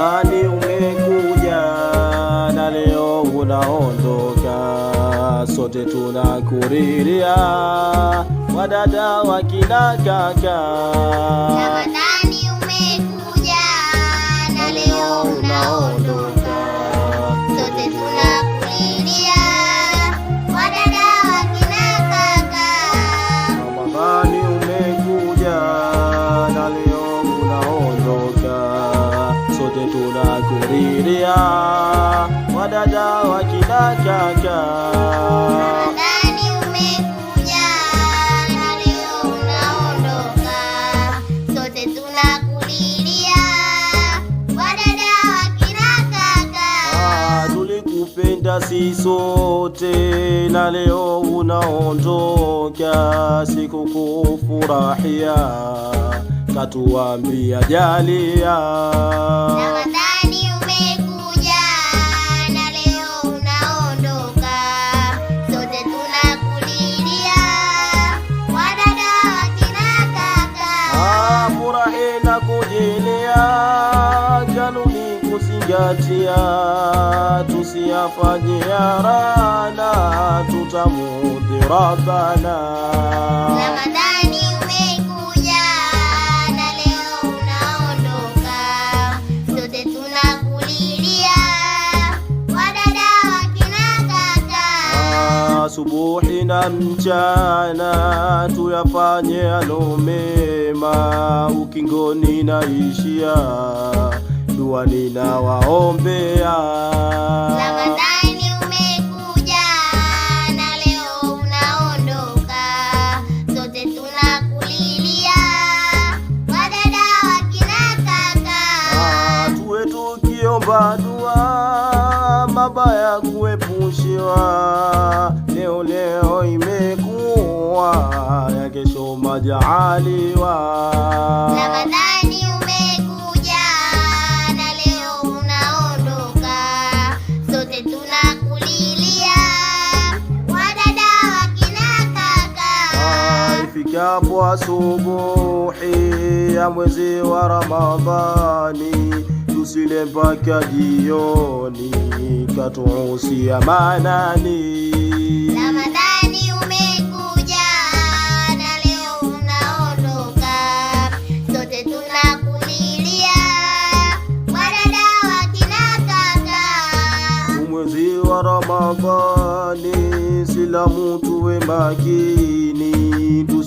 Mwani umekuja na leo unaondoka, sote tunakuriria wadada wa kina kaka. Ramadhani umekuja na leo unaondoka Riria wadada wa kidachacha ndani umekuja na leo unaondoka, sote tunakulilia wadada wa kidakaka. Ah, tulikupenda si sote na leo unaondoka, sikukufurahia katuambia jalia na tunatia, tusiyafanye yarana, tutamudhi Rabbana. Subuhi na mchana tuyafanye alomema, ukingoni naishia dua ninawaombea. Ramadhani umekuja na leo unaondoka, sote tunakulilia wadada wakina kaka, tuwe tukiomba dua mabaya kuepushiwa, leo leo imekuwa ya kesho majaliwa. Ifikapo asubuhi ya mwezi wa Ramadhani, tusile mpaka jioni, katuhusia manani. Ramadhani umekuja unaondoka, sote tunakulilia wa Ramadhani, sila mutu we makini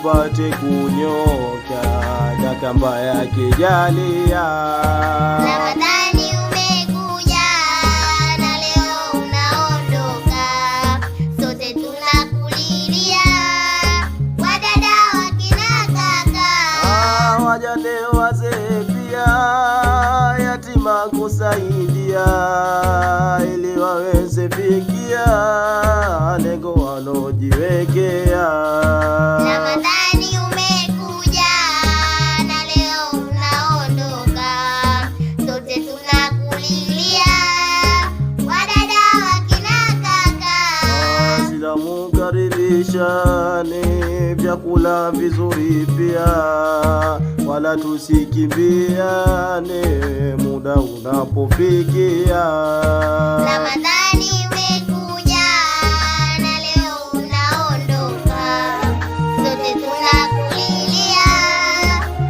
nipate kunyoka kaka mbaya ya kijalia tukaribishane, vyakula vizuri pia, wala tusikimbiane muda unapofikia. Ramadhani imekuja na leo unaondoka, sote tunakulilia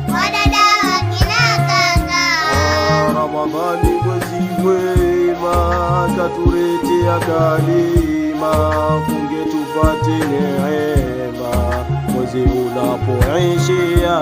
wadada wa kina kaka. Oh, Ramadhani mwezi mwema katuretea kali upate neema mwezi unapoishia